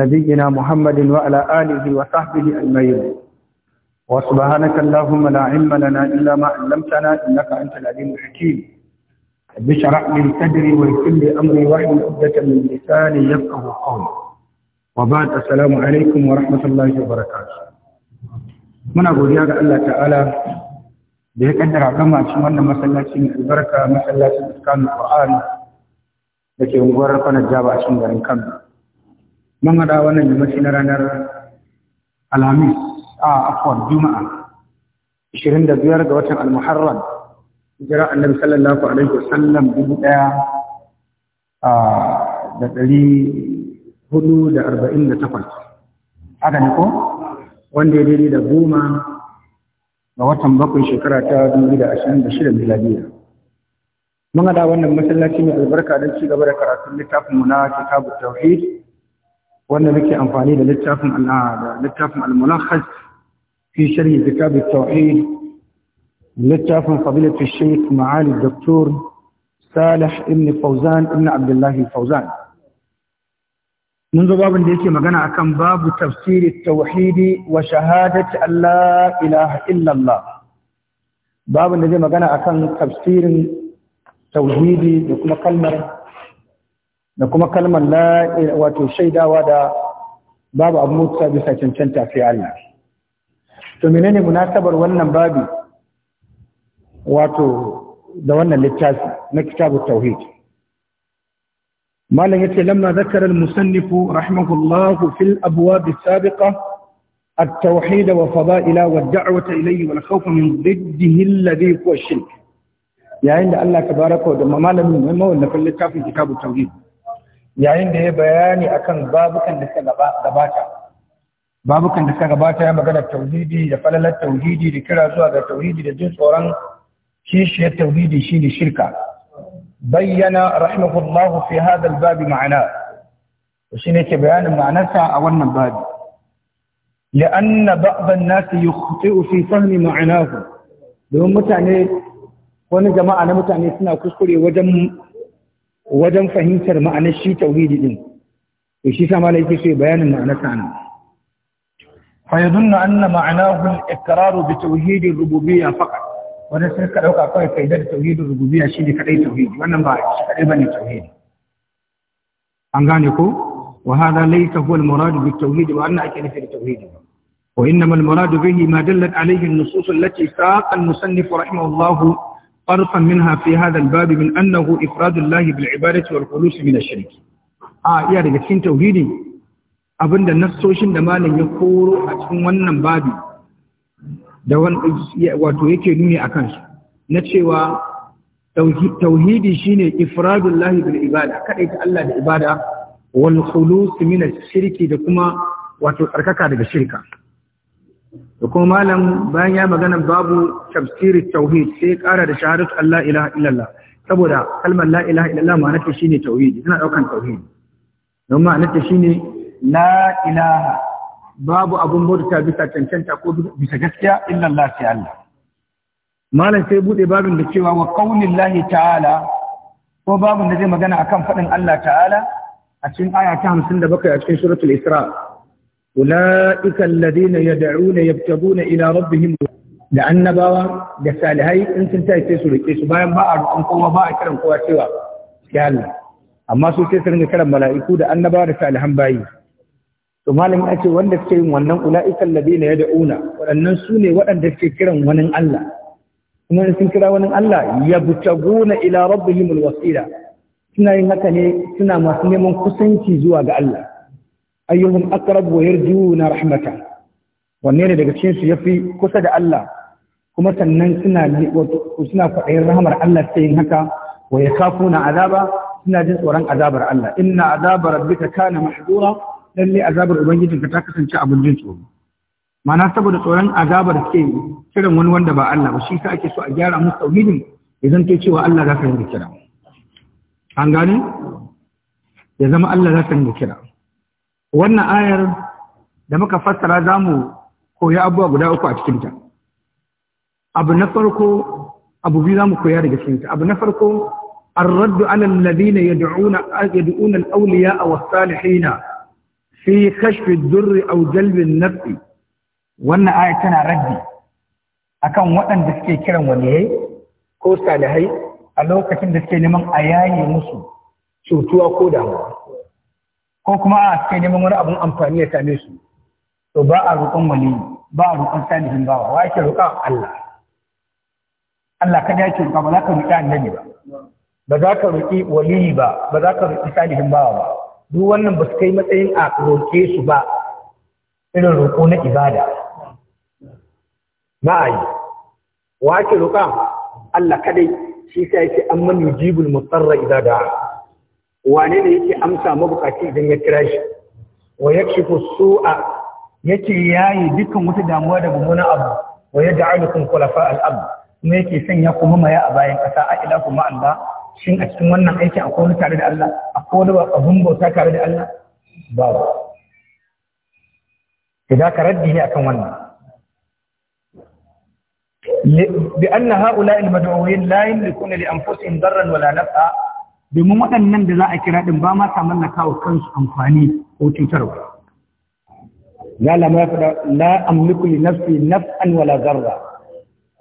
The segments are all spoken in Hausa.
نبينا محمد وعلى آله وصحبه أجمعين وسبحانك اللهم لا علم لنا إلا ما علمتنا إنك أنت العليم الحكيم رب اشرح لي صدري ويسر لي أمري واحلل عقدة من لساني يفقهوا قولي وبعد السلام عليكم ورحمة الله وبركاته muna godiya ga Allah ta'ala da ya kaddara gama cikin wannan masallacin albarka masallacin iskanul qur'ani da ke unguwar kwanar jaba a cikin garin kano mun haɗa wannan yammaci na ranar alhamis a afuwar juma'a 25 ga watan almuharram jira annabi sallallahu alaihi wa sallam dubu ɗaya da ɗari hudu da arba'in da takwas aka ne ko wanda ya daidai da goma ga watan bakwai shekara ta dubu da ashirin da shida miladiya mun hada wannan masallaci mai albarka dan ci gaba da karatun littafinmu na kitabu tauhid wanda muke amfani da littafin ah, littafin al-mulakhas fi sharhi kitabu tauhid littafin fadilatu shaykh ma'ali doktor salih ibn fawzan ibn abdullahi fawzan mun zo babin da yake magana akan babu tafsiri tauhidi wa shahadati allah illallah babin da zai magana akan tafsirin tauhidi da kuma kalmar da kuma kalmar la wato shaidawa da babu abu mutuwa bisa cancanta sai Allah to menene munasabar wannan babi wato da wannan littafi na kitabu tauhid malam yace lamma zakara al-musannif rahimahullah fi al-abwab as-sabiqa التوحيد وفضائله والدعوة إليه والخوف من ضده الذي هو الشرك yayin da Allah ta barako da malamin mai mawallafin littafin kitabu tauhid yayin da ya bayani akan babukan da suka gabata babukan da suka gabata ya magana tauhidi da falalar tauhidi da kira zuwa ga tauhidi da jin tsoron kishiyar tauhidi shine shirka bayyana rahimahullah fi hadha al-bab ma'ana shine ke bayanin ma'anarsa a wannan babi لأن بعض الناس يخطئ في فهم معناه domin mutane wani jama'a na mutane suna kuskure wajen wajen fahimtar ma'anar shi tauhidi din to shi sa malai yake so bayanin ma'anar sa nan fa yadunna anna ma'anahu al-iqraru bi tauhid ar-rububiyyah faqat wannan sai ka dauka kai faidar tauhid ar-rububiyyah ne kadai tauhid wannan ba shi kadai bane tauhid an gane ko wa hada laysa huwa al-murad bi tauhid wa anna ake nufi tauhid وإنما المراد به ما دلت عليه النصوص التي ساق المصنف رحمه الله طرفا منها في هذا الباب من أنه إفراد الله بالعبادة والخلوص من الشرك آه يا رجل كين توحيدي abinda nassoshin da malam ya koro a cikin wannan babi da wato yake nuni a kansu na cewa tauhidi shine ifradullahi bil ibada kadai ta Allah da ibada wal khulus shirki da kuma wato tsarkaka daga shirka da kuma malam bayan ya magana babu tafsiri tauhid sai kara da shahadatu Allah ilaha illallah saboda kalmar la ilaha illallah ma'anar ta shine tauhid tana daukan tauhid don ma'anar ta shine la ilaha babu abun bauta bisa cancanta ko bisa gaskiya illallah sai Allah malam sai bude babin da cewa wa qaulillahi ta'ala ko babin da zai magana akan fadin Allah ta'ala a cikin aya ta 57 a cikin suratul isra' أولئك الذين يدعون يبتغون إلى ربهم da annabawa da salihai in sun tayi sai su rike bayan ba'a a kowa ba kiran kowa cewa ya amma su sai su ringa kiran mala'iku da annabawa da salihan bayi to malamin ya ce wanda suke yin wannan ula'ika alladina waɗannan su ne waɗanda suke kiran wani Allah kuma in sun kira wani Allah yabtaguna ila rabbihim alwasila suna yin haka ne suna masu neman kusanci zuwa ga Allah ayyuhum aqrab wa yarjuna rahmata wanne ne daga cikin su yafi kusa da Allah kuma sannan suna suna kwaɗayin rahmar Allah sai yin haka wa yakafuna azaba suna jin tsoron azabar Allah inna azabar rabbika kana mahdura lalle azabar ubangijinka ta kasance abin jin tsoro mana saboda tsoron azabar suke kiran wani wanda ba Allah ba shi ka ake so a gyara musu tauhidin ya zanto cewa Allah za ka rinka kira an gane ya zama Allah za ka rinka kira wannan ayar da muka fassara za mu koya abubuwa guda uku a cikinta abu na farko abu biyu za mu koya daga cikinta abu na farko الرد على الذين يدعون يدعون الاولياء والصالحين في كشف الضر او جلب النفع wannan aya tana raddi akan waɗanda suke kiran waliyai ko salihai a lokacin da suke neman a yaye musu cutuwa ko damuwa ko kuma a suke neman wani abun amfani ya same su to ba a roƙon wani ba a roƙon salihin bawa wa yake roƙa Allah Allah kada yake roƙa ba za ka roƙi annabi ba ba za ka roƙi wali ba ba za ka roƙi salihin bawa ba duk wannan ba su kai matsayin a roƙe su ba irin roƙo na ibada ba a yi wa yake roƙa Allah kadai shi sai yake an mani yujibul mutarra idada wane ne yake amsa mabukaci idan ya kira shi wa yakshifu su'a yake yayi dukkan wata damuwa da mummunan abu wa yaj'alukum khulafa al-ard kuma yake sanya ku mamaya a bayan kasa a ila kuma Allah shin a cikin wannan aiki akwai wani tare da Allah akwai wani abun bauta tare da Allah babu idan ka raddi ne akan wannan bi anna ha'ula'i al-mad'uwin la yamlikuna li anfusihim darran wala naf'a domin waɗannan da za a kira ɗin ba ma sa mallaka wa kansu amfani ko cutarwa ya lamar ya faɗa la amliku li nafsi naf'an wala zarra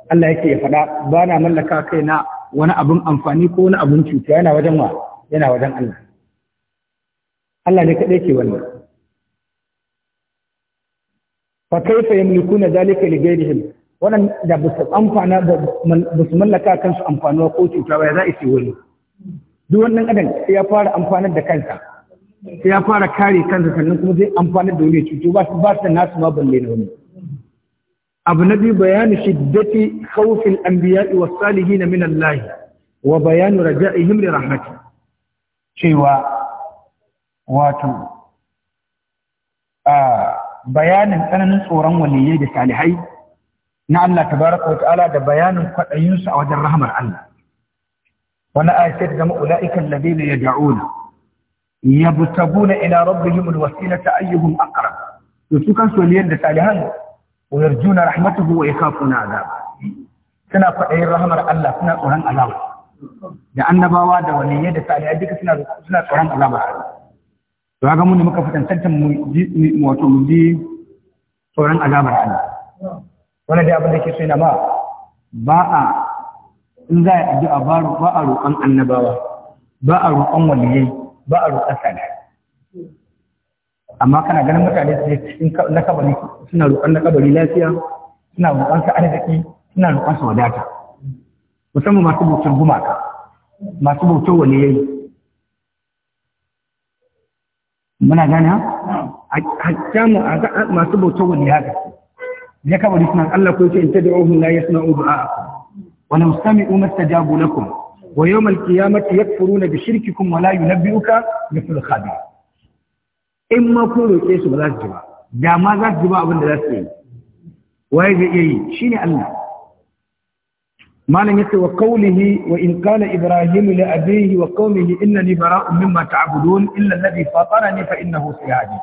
Allah yake ya faɗa ba na mallaka kai na wani abin amfani ko wani abin cuta yana wajen wa yana wajen Allah Allah ne kaɗai ke wannan fa kaifa na zalika li ghayrihim wannan da ba su amfana ba su mallaka kansu amfanuwa ko cuta ba ya za a ce wani duk wannan adam ya fara amfanar da kansa ya fara kare kansa sannan kuma zai amfanar da wani cuto ba su ba su nasu ma balle na wani abu na biyu bayanu shiddati khawfil anbiya'i was salihin min Allah wa bayanu raja'ihim li rahmati cewa wato a bayanin tsananin tsoron waliyai da salihai na Allah tabaraka wa ta'ala da bayanin kwaɗayinsu a wajen rahmar Allah wani ayat da ma'ula'ikan ladina ya da'una yabtaguna ila rabbihim alwasilata ayyuhun aqrab to su kan soliyan da salihan wa yarjuna rahmatahu wa yakhafuna adab suna faɗayin rahmar Allah suna tsoron azaba da annabawa da wani yadda salihai duka suna suna tsoron azaba to ga mun muka fitantanta mu wato mu ji tsoron azabar Allah wannan da abin da ke so yana ma ba a in za a yi addu'a ba ba a roƙon annabawa ba a roƙon waliyai ba a roƙon sada amma kana ganin mutane su je cikin na kabari suna roƙon na kabari lafiya suna roƙon su arziki suna roƙon su wadata musamman masu bautar gumaka masu bautar waliyai muna gane a ga masu bautar waliyai haka ya kabari suna Allah ko ce in tad'uhum la yasma'u du'a ولو سمعوا ما استجابوا لكم ويوم القيامة يكفرون بشرككم ولا ينبئك مثل خبير إما كل كيس بلا جبا دا ما ذات جبا أبن لا سيء ويجي إيه شيني الله ما لم يكن وقوله وإن قال إبراهيم لأبيه وقومه إنني براء مما تعبدون إلا الذي فطرني فإنه سيهدي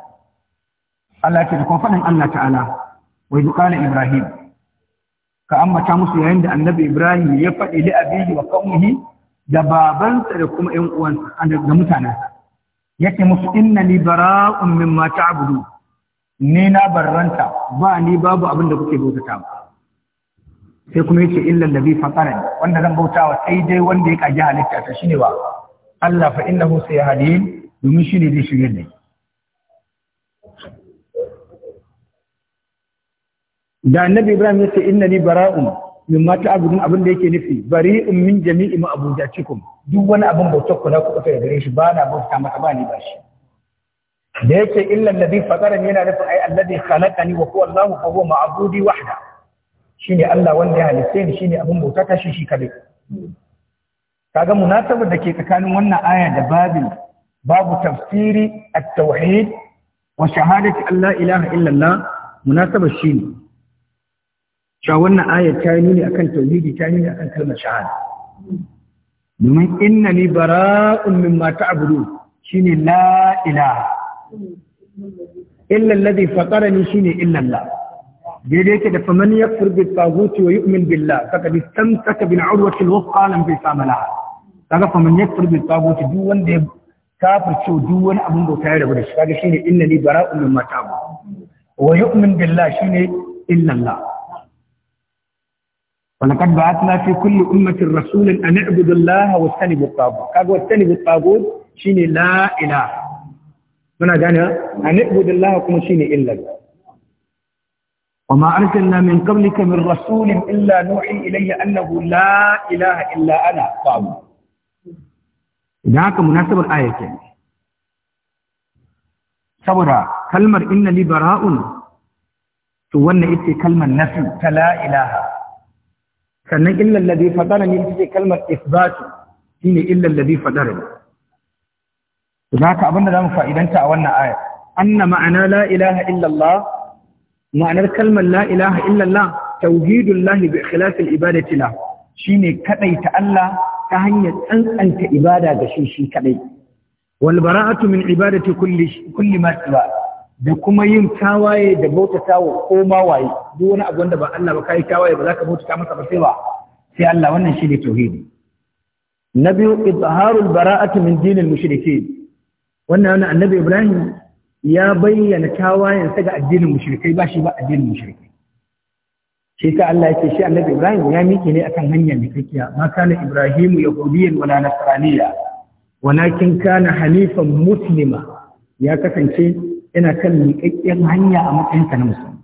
الله تقول فلن الله تعالى وإذ قال إبراهيم ka mata musu yayin da annabi ibrahim ya faɗi li abiyi wa qaumihi da babansa da kuma ƴan uwansa da mutanensa yake musu inna li bara'un mimma ta'budu ni na barranta ba ni babu abin da kuke bautata ba sai kuma yace illa allazi fatarani wanda zan bautawa sai dai wanda ya kaji halitta ta shine ba Allah fa innahu sayhadin domin shine zai shigar da ni da annabi ibrahim ya ce ni bara'un mimma ta'budun abin da yake nufi bari'un min jami'i ma abujatikum duk wani abin bautar ku na ku kafa gare shi ba na bauta maka ba ni ba shi da yake illa alladhi fatarani yana nufin ai alladhi khalaqani wa huwa allah fa huwa ma'budi wahda shine allah wanda ya halitta ni shine abin bauta ta shi shi kadai kaga munasabar da ke tsakanin wannan aya da babin babu tafsiri at-tauhid wa shahadati an la ilaha illa allah munasabar shine cewa wannan ayar ta yi nuni kan tauhidi ta yi nuni kan kalmar shahada domin inna ni bara bara'un mimma shi ne la ilaha illa alladhi shi ne illa Allah daidai yake da faman yakfur bi taghuti wa yu'min billah faqad istamsaka bil urwati al-wuthqa lam yasama laha kaga faman yakfur bi taghuti duk wanda ya kafirce duk wani abin bauta ya rabu da shi kaga shine inna ni bara'un mata ta'budu wa yi yu'min billah ne illa Allah ولقد بعثنا في كل أمة رسولا أن اعبدوا الله واجتنبوا الطاغوت قال واجتنبوا الطاغوت شيني لا إله muna gane أن اعبدوا الله kuma shine إلا وما أرسلنا من قبلك من رسول إلا نوحي إليه أنه لا إله إلا أنا فاعبد ذاك مناسب الآية كان saboda كلمة inna براء bara'un to إتي كلمة نفي فلا إله sannan illal ladhi fatara ne ita ce kalmar isbatu shine illal ladhi fatara da haka abinda zamu fa'idanta a wannan aya anna ma'ana la ilaha illa Allah ma'anar kalmar la ilaha illa Allah tauhidul lahi bi ikhlasil ibadati la shine kadaita Allah ta hanyar tsantsanta ibada ga shi shi kadai wal bara'atu min ibadati kulli kulli ma siwa da kuma yin tawaye da bautata wa koma waye duk wani abu wanda ba Allah ba kai tawaye ba za ka bautata masa ba sai ba sai Allah wannan shi ne tauhidi na biyu izharul bara'ati min dinil mushrikeen wannan wannan annabi Ibrahim ya bayyana tawayen sa ga addinin mushrikai ba shi ba addinin mushrikai shi ta Allah yake shi annabi Ibrahim ya miƙe ne akan hanya mai kakkiya ma kana Ibrahimu yahudiyyan wala nasraniyya walakin kana hanifan muslima ya kasance yana kan miƙaƙƙen hanya a matsayinka na musulmi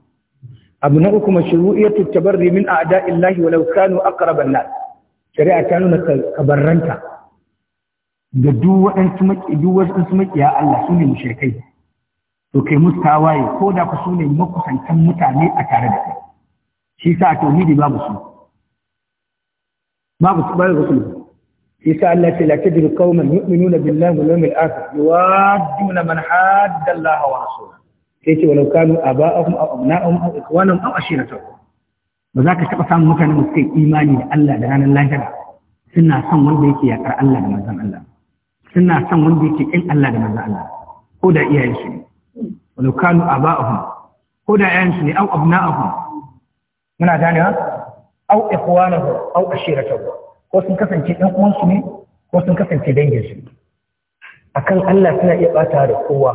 abu na uku mashru'iyatu tabarri min a'da'illahi walau kanu aqraban nas shari'a ta nuna kabarranta da duk waɗansu maki duk waɗansu makiya Allah sune mushrikai to kai mustawaye ko da ku sune makusantan mutane a tare da kai shi sa tauhidi babu su babu su babu su isa Allah ce la tajidu qauman yu'minuna billahi wal yawmil akhir yuwadduna man hadda Allah wa rasulahu sai ce walau kanu aba'ahum aw abna'ahum aw ikwanahum aw ashiratahum ba za ka taɓa samun mutanen da suka yi imani da Allah da ranar lahira suna son wanda yake yaƙar Allah da manzon Allah suna son wanda yake ƙin Allah da manzon Allah ko da iyayensu ne walau kanu muna ko sun kasance ɗan uwansu ne ko sun kasance danginsu akan Allah suna iya bata da kowa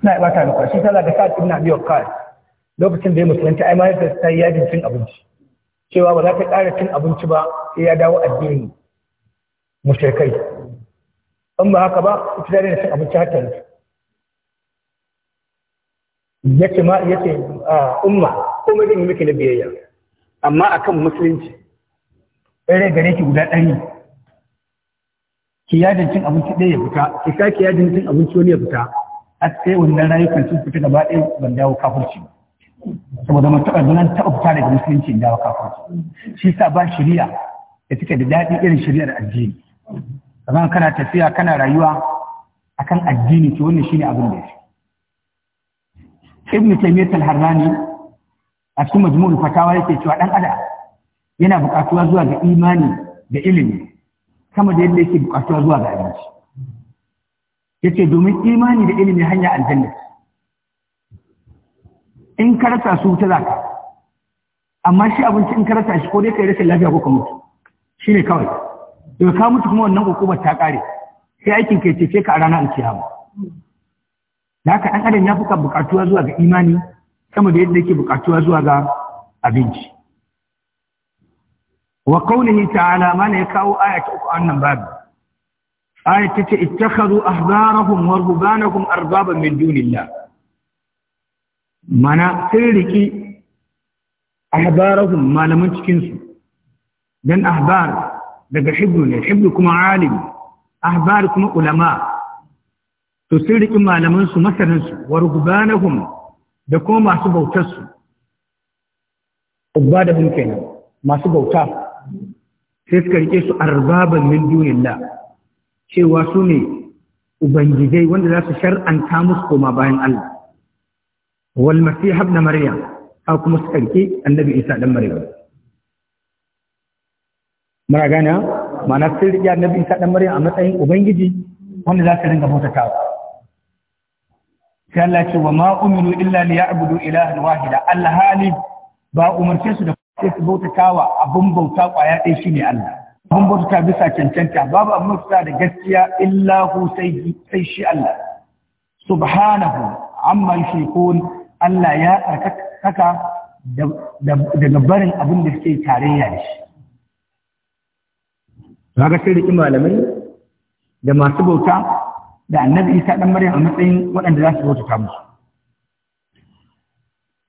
suna iya bata da kowa shi ta zaga sa ibn abi waqqas lokacin da ya musulunta ai mai da sai yajin cin abinci cewa ba za ta ƙara cin abinci ba sai ya dawo addini mushrikai in ba haka ba ita da cin abinci har ta yace ma yace ah, umma kuma din muke na biyayya amma akan musulunci ɗaya gare ki guda ɗari ki yajin cin abinci ɗaya ya fita ki ki yajin cin abinci wani ya fita a tsaye wannan rayukan sun fita gaba ɗaya ban dawo kafirci saboda mun taɓa ta fita daga musulunci in dawo kafirci shi sa ba shari'a da take da daɗi irin shari'ar addini kamar kana tafiya kana rayuwa akan addini to wannan shine abin da ya ibn taymiyyah al-harrani a cikin majmu'ul fatawa yake cewa dan adam yana buƙatuwa zuwa ga imani da ilimi kama da yadda yake buƙatuwa zuwa ga abinci Ya ce domin imani da ilimi hanya aljanna in ka rasa su ta zaka amma shi abinci in ka shi ko dai kai rashin lafiya ko ka mutu shi ne kawai Daga ka mutu kuma wannan kokoba ta kare sai aikin kai ce ka a ranar kiyama da haka ɗan adam ya fi buƙatuwa zuwa ga imani sama da yadda yake buƙatuwa zuwa ga abinci wa qawlihi ta'ala mana ya kawo aya ta uku annan babu aya ta ce ittakhadhu ahbarahum wa ruhbanahum arbaban min dunillah mana sun riki ahbarahum malaman cikin su dan ahbar daga hibru ne hibru kuma alim ahbar kuma ulama to sun riki malaman su masanin su wa ruhbanahum da kuma masu bautar su ubba da kenan masu bauta sai suka rike su arbaban min duniya. cewa su ne ubangijai wanda za su shar'anta musu koma bayan Allah wal masih ibn maryam ha kuma suka rike annabi isa dan maryam mara gana ma'ana sun rike annabi isa dan maryam a matsayin ubangiji wanda za su ringa bautatawa sai Allah ce wa ma umiru illa liya'budu ilahan wahida alhali ba umarce su da sai su wa abin bauta kwaya ɗaya ne Allah abin bauta bisa cancanta babu abin bauta da gaskiya illa hu sai shi Allah subhanahu amma yushrikun Allah ya tsarkaka daga barin abin da suke tarayya da shi ga sai riki malamai da masu bauta da annabi Isa ɗan Maryam a matsayin waɗanda za su bauta musu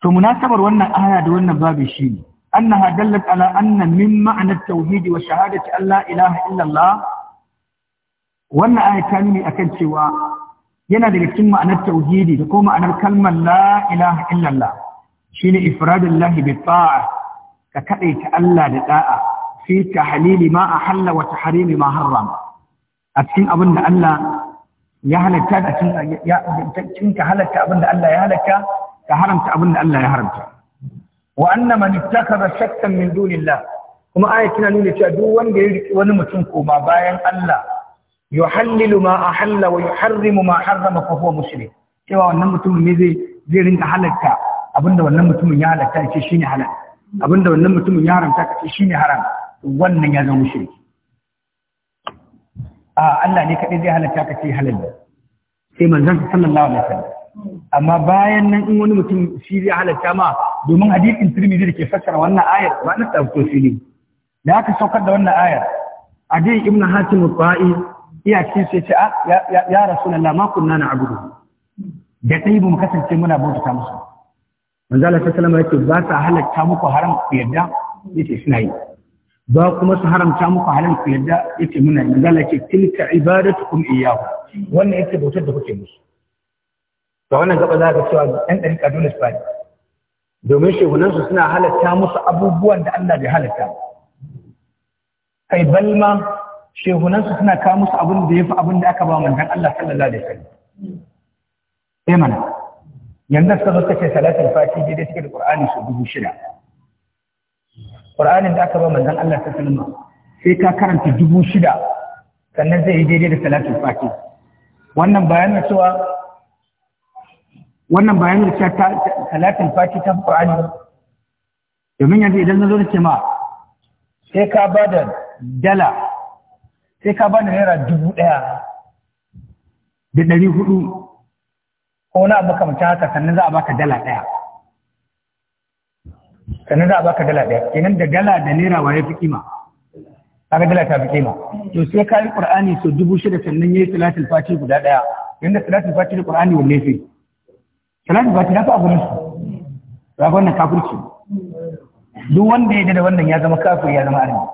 to munasabar wannan aya da wannan babu shi ne أنها دلت على أن من معنى التوحيد وشهادة أن لا إله إلا wannan aya akan cewa yana da cikin ma'anar tauhidi da kuma ma'anar kalmar la ilaha illallah shine ifradul lahi bi ka kade ta Allah da da'a fi tahlili ma ma a cikin abin da Allah ya cikin ya ka halatta Allah ya halaka ka haramta abin da Allah ya haramta wa annama man ittakhadha shakkan min dunillah kuma ayat tana nuna cewa duk wanda ya riki wani mutum koma bayan Allah yuhallilu ma ahalla wa yuharrimu ma harrama fa huwa mushrik cewa wannan mutumin ne zai zai rinka halatta abinda wannan mutumin ya halatta ya ce shine halal abinda wannan mutumin ya haramta ka ce shine haram wannan ya zama mushriki a Allah ne kadai zai halatta ka ce halal sai manzon sallallahu alaihi wasallam amma bayan nan in wani mutum shi zai halatta ma domin hadisin turmizi da ke fassara wannan ayar ba na tsarko ne da aka saukar da wannan ayar a ibn hatim al-qa'i iya ce sai ah, ce ya ya rasulullah ma kunna na'budu da dai bu mu kasance muna bauta musu manzo Allah sallallahu alaihi wasallam yake ba ta halatta muku haram ku yadda yace suna yi ba kuma su haramta muku halin ku yadda yace muna yi manzo Allah yake tilka ibadatukum iyyahu wannan yake bautar da kuke musu to wannan gaba za ka cewa ɗan ɗan kaduna spani domin shehunansu suna halatta musu abubuwan da Allah bai halatta kai balma shehunansu suna kawo musu abin da ya fi abin da aka ba manzan Allah sallallahu alaihi wasallam sai eh mana yanzu suka zo kace salatin fati daidai suke da qur'ani su dubu shida qur'anin da aka ba manzan Allah sallallahu alaihi wasallam sai ka karanta dubu shida sannan zai yi daidai da salatin fati wannan bayan na cewa wannan bayan da ta talatin fati ta Qur'ani domin yanzu idan nazo nake ma sai ka bada dala sai ka bada naira dubu ɗaya da ɗari hudu ko wani abu kamar haka sannan za a baka dala ɗaya sannan za a baka dala ɗaya kenan da dala da naira waye fi kima kaga dala ta fi kima to sai ka yi qur'ani so dubu shida sannan yayi talatin fati guda ɗaya yanda talatin fati da qur'ani wanne fi salatu ba ta fi abu gurin ba wannan kafirci duk wanda ya da wannan ya zama kafir ya zama arziki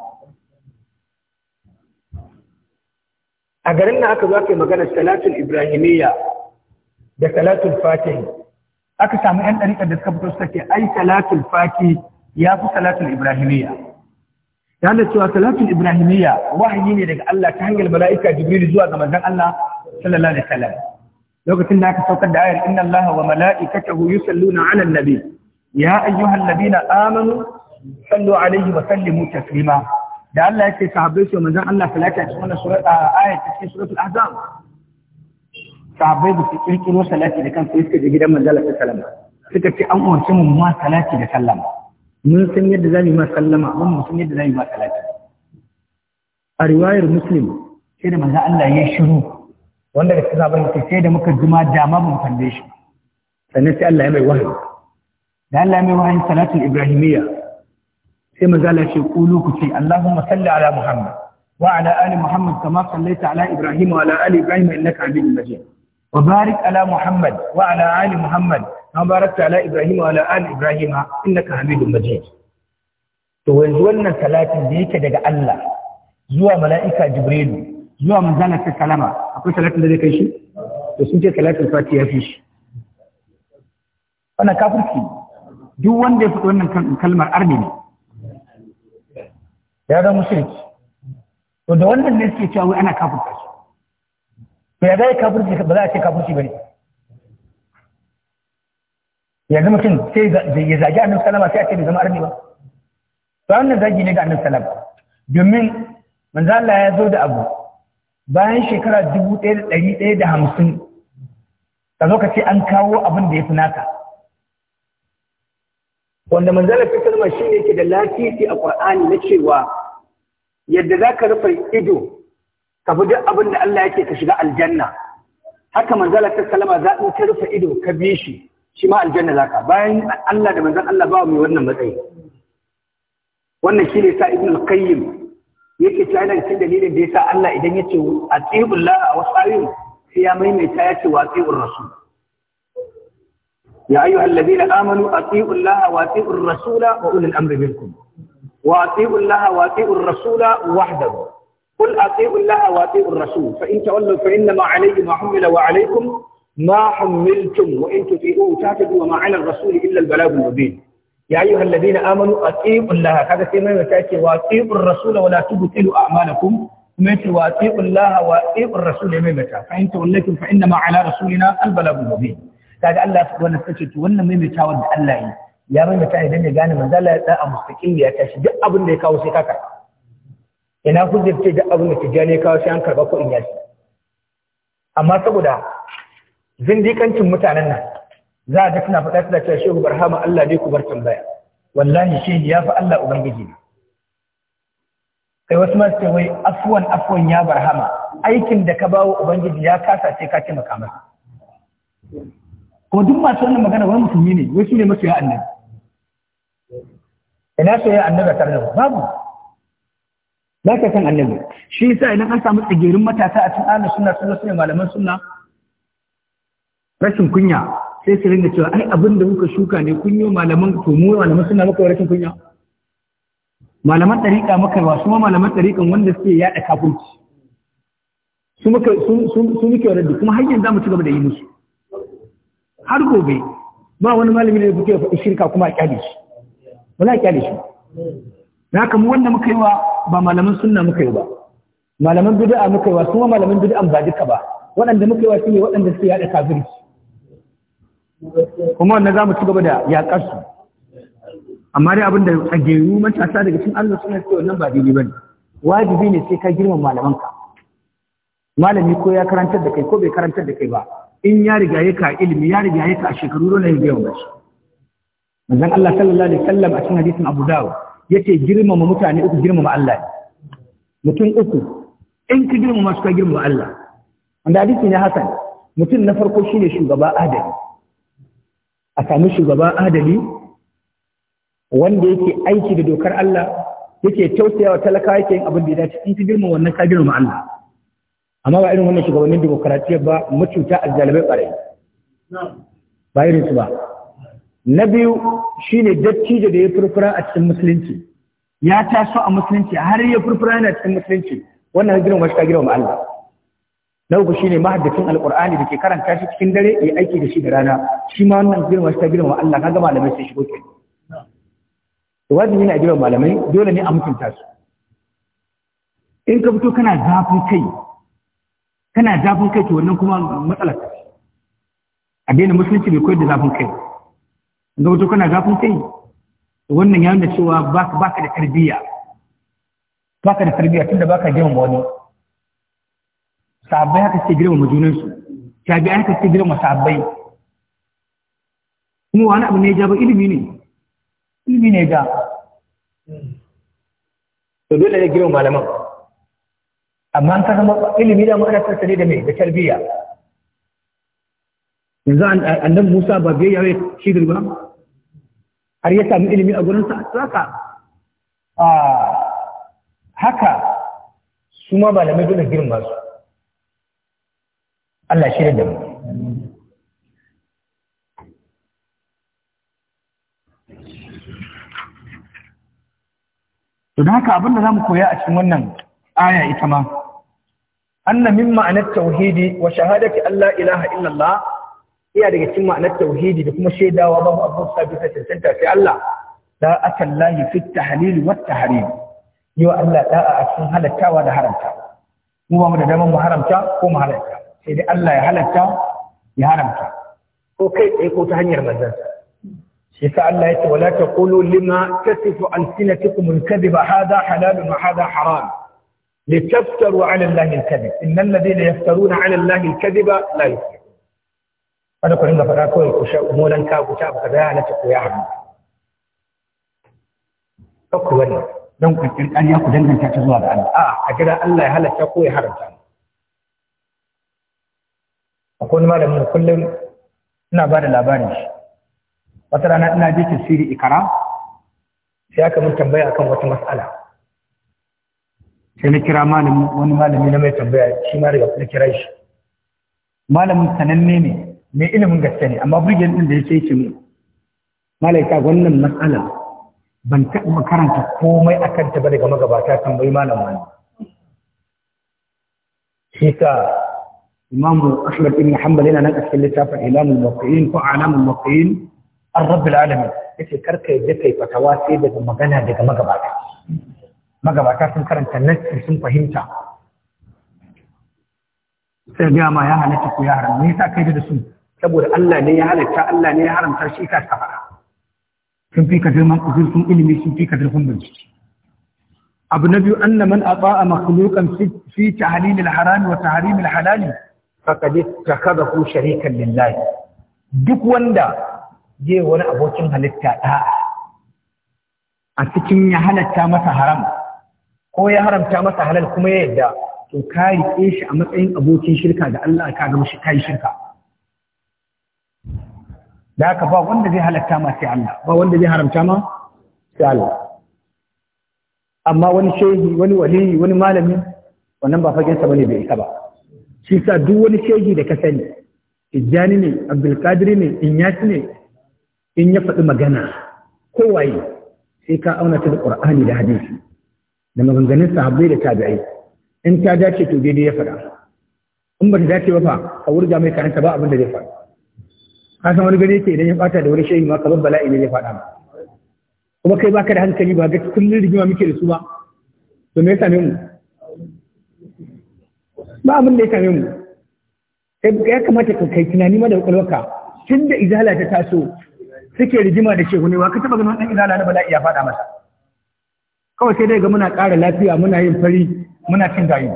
a garin na aka zo aka yi magana salatul ibrahimiyya da salatul fatih aka samu yan ɗariƙar da suka fito suka ce ai salatul fatih ya fi salatul ibrahimiyya Ya da cewa salatul ibrahimiyya wahayi ne daga Allah ta hanyar mala'ika jibril zuwa ga manzon Allah sallallahu alaihi wasallam lokacin da aka saukar da ayar inna allaha wa mala'ikatahu yusalluna 'alan nabi ya ayyuhal ladina amanu sallu Alayhi wa sallimu taslima da Allah yake sahabbai su manzon Allah salati a cikin wannan sura ayar ta cikin suratul ahzab sahabbai da su kirkiro salati da kan suka da gidan manzon Allah sallallahu suka ce an umarci mu ma salati da sallama mun san yadda zamu yi ma sallama mun san yadda zamu yi ma salati a riwayar muslim sai da manzon Allah ya shiru wanda da kaza bane sai da muka jima dama mun kalle shi sannan sai Allah ya mai wahayi da Allah ya mai wahayi salatul ibrahimiyya sai manzo Allah ya ce qulu ku ce Allahumma salli ala Muhammad wa ala ali Muhammad kama sallaita ala Ibrahim wa ala ali Ibrahim innaka Hamidum Majid wa barik ala Muhammad wa ala ali Muhammad kama barakta ala Ibrahim wa ala ali Ibrahim innaka Hamidum Majid to yanzu wannan salatin da yake daga Allah zuwa mala'ika Jibrilu zuwa manzana ta kalama akwai salatin da zai kai shi to sun ce salatin fati ya fi shi wannan kafirci duk wanda ya fito wannan kalmar arni ne ya zama shirki to da wannan ne suke cewa wai ana kafirta shi to ya zai kafirci ba za a ce kafirci bane yanzu mutum sai ya zagi annabi salama sai a ce bai zama arni ba to wannan zagi ne ga annabi salama domin manzo Allah ya zo da abu bayan shekara dubu ɗaya da ɗari ɗaya da hamsin ka zo ka an kawo abin da ya fi naka wanda manzala fi ma shi ne ke da lafifi a ƙwar'ani na cewa yadda za ka rufe ido ka bi duk abin da Allah yake ka shiga aljanna haka manzala ta salama za in ta rufe ido ka bi shi shi ma aljanna za ka bayan Allah da manzan Allah ba mai wannan matsayi wannan shi ne sa ibn al-qayyim yake ta yana cikin dalilin da ya sa Allah idan ya ce a tsibin la'a a wasu ayoyi sai ya maimaita ya ce wa rasul ya ayyu hallabi amanu a tsibin la'a wa tsibin rasula wa ulil amri minkum wa tsibin la'a wa tsibin rasula wahdahu قل أطيعوا الله وأطيعوا الرسول فإن تولوا فإنما عليه ما حمل وعليكم ما حملتم وإن تطيعوه تهتدوا وما على الرسول إلا البلاغ المبين ya ayu alladhina amanu atiiqu llaha kaga sai mai mata ce wa atiiqu rasula wala tubtilu a'malakum kuma yace wa atiiqu llaha wa atiiqu rasula mai mata fa in fa inna ma rasulina albalagul mubin kaga Allah subhanahu wa ta'ala to wannan mai mata wanda Allah yi ya mai mata idan ya gane manzo ya da a mustaqim ya tashi duk abin da ya kawo sai ka karba ina hujjar ce duk abin da tijani ya kawo sai an karba ko in yashi amma saboda zindikancin mutanen nan za a ga suna faɗa ta cewa shehu barhama Allah ne ku bar tambaya wallahi shehu ya fi Allah ubangiji ne kai wasu masu ce wai afuwan afuwan ya barhama aikin da ka bawo ubangiji ya kasa ce ka taimaka masa ko duk masu wannan magana wani musulmi ne wai su ne masu ya annabi ina so ya annabi a da babu ba ka san annabi shi yasa idan an samu tsigirin matasa a cikin ana suna suna suna malaman suna rashin kunya sai su ringa cewa ai abin da muka shuka ne kunyo malaman to mu malaman suna maka rashin kunya malaman ɗariƙa maka wa su ma malaman ɗariƙan wanda suke yaɗa kafirci su muka su muke da kuma har yanzu mu ci gaba da yi musu har gobe ba wani malami ne da yake faɗi shirka kuma a kyale shi ba kyale shi haka mu wanda muka yi wa ba malaman sunna muka yi ba malaman bid'a muka yi wa su malaman bid'an ba duka ba waɗanda muka yi wa su ne waɗanda suke da kafirci kuma wannan za mu ci gaba da yaƙarsu amma dai abin da tsageru matasa daga cikin allah suna ce wannan ba daidai ba ne wajibi ne sai ka girma malamanka malami ko ya karantar da kai ko bai karantar da kai ba in ya riga ya ka ilimi ya riga ya ka a shekaru dole ya biyan bashi manzon allah sallallahu alaihi wasallam a cikin hadisin abu dawo yace girmama mutane uku girmama allah mutum uku in ka girmama su ka girmama allah wanda hadisi ne hasan mutum na farko shine shugaba adali a sami shugaba adali wanda yake aiki da dokar Allah yake tausayawa talakawa yake yin abin da ya dace in ka girma wannan ka girma Allah amma ba irin wannan shugabannin demokaratiya ba mutunta a jalibai ba irin su ba na biyu shine dattijo da ya furfura a cikin musulunci ya taso a musulunci har ya furfura yana cikin musulunci wannan girma shi ka girma Allah na uku shine mahaddacin alqur'ani da ke karanta shi cikin dare ya aiki da shi da rana shi ma wannan girma shi ta girma Allah kaga malamai sai shigo ke to wajibi ne a girma malamai dole ne a mutunta su in ka fito kana zafin kai kana zafin kai to wannan kuma matsalar ka addinin musulunci bai koyar da zafin kai in ka fito kana zafin kai to wannan ya nuna cewa baka da tarbiyya baka da tarbiyya tunda baka girma wani sahabbai haka suke girmama junansu tabi'ai haka suke girma sahabbai kuma wani abu ne ya jaba ilimi ne ilimi ne ga to dole ne girma malaman amma an ka zama ilimi da ma'ana ne da mai da tarbiyya yanzu annan musa ba biyayya ya shi girma har ya sami ilimi a gurinsa haka ah, haka su ma malamai dole girma su Allah shi da mu to da haka abinda zamu koya a cikin wannan aya ita ma anna min ma'anar tauhidi wa shahadati Allah ilaha illallah iya daga cikin ma'anar tauhidi da kuma shaidawa babu abin sabi ta cancanta sai Allah da akan lahi fi tahlil wa tahrim Allah da'a a cikin halattawa da haramta mu ba mu da daman mu haramta ko mu halalta sai dai Allah ya halatta ya haramta ko kai tsaye ko ta hanyar manzansa shi yasa Allah ya ce wala taqulu lima tasifu alsinatukum alkadhiba hadha halalun wa hadha haram litaftaru ala Allahi alkadhib innal ladina yaftaruna ala Allahi alkadhiba la yuflihun kada ku ringa fara kawai ku sha molan ka ku ta baka da halatta ku ya haram kakku wannan dan ku kirkan ya ku danganta ta zuwa ga Allah a a jira Allah ya halatta ko ya haramta akwai wani malamin da kullum ina ba da labarin shi wata rana ina je tafsiri ikara sai aka mun tambaya akan wata mas'ala sai na kira malamin wani malami na mai tambaya shi ma daga na kira shi malamin sananne ne mai ilimin gaske ne amma burgen din da yake yake mu malaika wannan matsala ban taɓa karanta komai kan ta ba daga magabata tambayi malamin wani shi ka إمام أحمد بن حنبل هنا نقص في اللتافة إعلام الموقعين فأعلام الموقعين الرب العالمين يتي كركة يجيكي فتواسي بذو مغانا بذو مغباك مغباك سن كرن تنس سن فهمتا سيجا ما يا هلتك يا هرم نيسا كيد دسون تبور الله ني يا هلتا الله ني يا ترشيكا سفرا سن في كدر من أزل سن إلمي سن في كدر هم بلش أبو أن من أطاء مخلوقا في تعليم الحرام وتحريم الحلال faqad ittakhadahu sharikan lillahi duk wanda je wani abokin halitta da'a a cikin ya halatta masa haram ko ya haramta masa halal kuma ya yadda to ka riƙe shi a matsayin abokin shirka da Allah ka ga mushi kai shirka da haka ba wanda zai halatta ma sai Allah ba wanda zai haramta ma sai Allah amma wani shehi wani wali wani malami wannan ba fagen sa bane bai isa ba shi sa duk wani shegi da ka sani tijjani ne abdulkadiri ne in inyasi ne in ya faɗi magana kowaye sai ka auna ta da ƙur'ani da hadisi da maganganun sahabbai da tabi'ai in ta dace to daidai ya faɗa in ba ta dace ba fa wuri wurga mai karanta ba abin da zai faɗa ka san wani gani yake idan ya bata da wani shehi ma kamar bala'i ne zai faɗa ma kuma kai baka da hankali ba ga kullun rigima muke da su ba to me ya same mu ba abin da ya same mu eh, ya kamata ka kai tunani ma da kwakwalwarka tun da izala ta taso suke rigima da ce hune wa ka taba ganin wannan izala na bala'i ya faɗa masa kawai sai dai ga muna ƙara lafiya muna yin fari muna cin gayi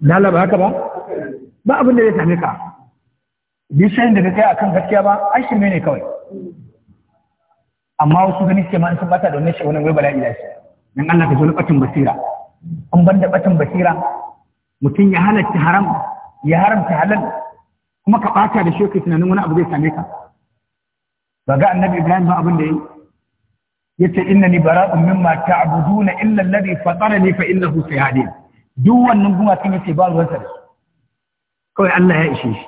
dala ba haka ba ba abin da ya same ka bishiyar da ka kai akan gaskiya ba an shi ne kawai amma wasu gani suke ma sun bata da wannan shi wani wai bala'i da shi dan Allah ka zo na bacin basira an banda bacin basira mutum ya haram ya haramta halal kuma ka ɓata da shi tunanin wani abu zai same ka ba ga annabi ibrahim ba abin da yi yace ni bara'un mimma ta'buduna illa alladhi fatarani fa innahu sayadin duk wannan gumakan yace ba ruwansa kawai Allah ya ishe shi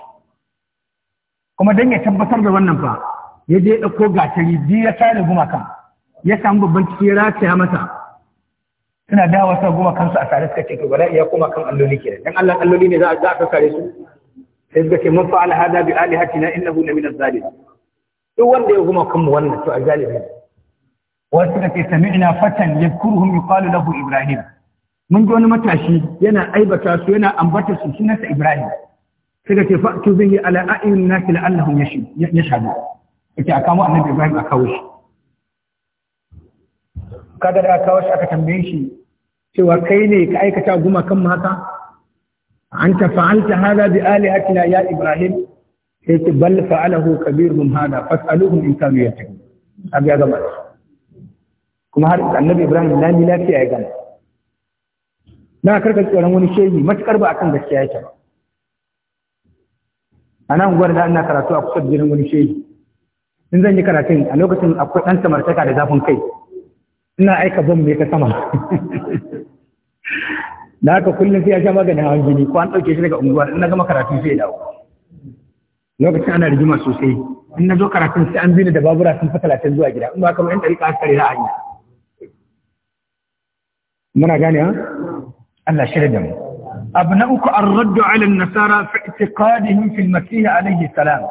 kuma dan ya tabbatar da wannan fa ya je ya dauko gatari biyu ya tare gumakan ya samu babban ciki ya rataya masa suna dawa sa goma kansu a tare suka ce to bala'i ya koma kan alloli kenan dan Allah alloli ne za a za kare su sai suka ce mun fa'ala hada bi alihatina innahu la min az-zalim duk wanda ya goma kanmu wannan to a zalimi wasu suka ce sami'na fatan yadhkuruhum yuqalu lahu ibrahim mun ji wani matashi yana aibata su yana ambata su sunansa ibrahim suka ce fa'tu bihi ala a'yunin nasi la'allahum yashhadu yake a kamo annabi ibrahim a kawo shi kaga da kawo shi aka tambaye shi cewa kai ne ka aikata kan mu haka an ta fa'alta hada bi alihatina ya ibrahim sai ce bal fa'alahu kabirun hada fas'aluhum in kanu yattaqun abi ya gama kuma har annabi ibrahim lami lafiya ya gama na karka tsoron wani shehi matukar ba akan gaskiya yake ba a nan gwar da ana karatu a kusa da wani shehi in zan yi karatun a lokacin akwai ɗan samartaka da zafin kai ina aika bom ne ta sama da haka kullum sai ya sha maganin hawan jini ko an ɗauke shi daga unguwa in na gama karatu sai ya dawo lokacin ana rigima sosai in na zo karatun sai an bini da babura sun fi talatin zuwa gida in ba kamar yan ɗarika aka rera hanya muna gane ha Allah shirya da mu abu na uku an raddu ala nasara fi itiqadihim fil masih alayhi salam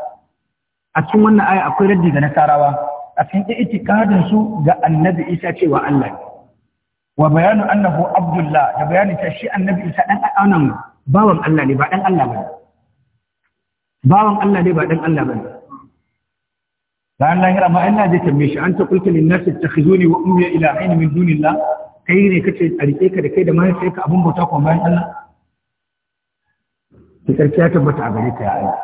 a cikin wannan aya akwai raddi ga nasarawa a cikin itikadin su ga annabi isa ce wa Allah ne wa bayanu annahu abdullah da bayani ta shi annabi isa dan anan bawan Allah ne ba dan Allah bane bawan Allah ne ba dan Allah bane dan lahira ma Allah zai tambaye shi an ta kulka lin nas tattakhizuni wa ummi ilahin min dunillah kai ne kace a rike ka da kai da mahaifiyarka abun bauta ko bayan Allah ki sarki ya tabbata a gare ka ya Allah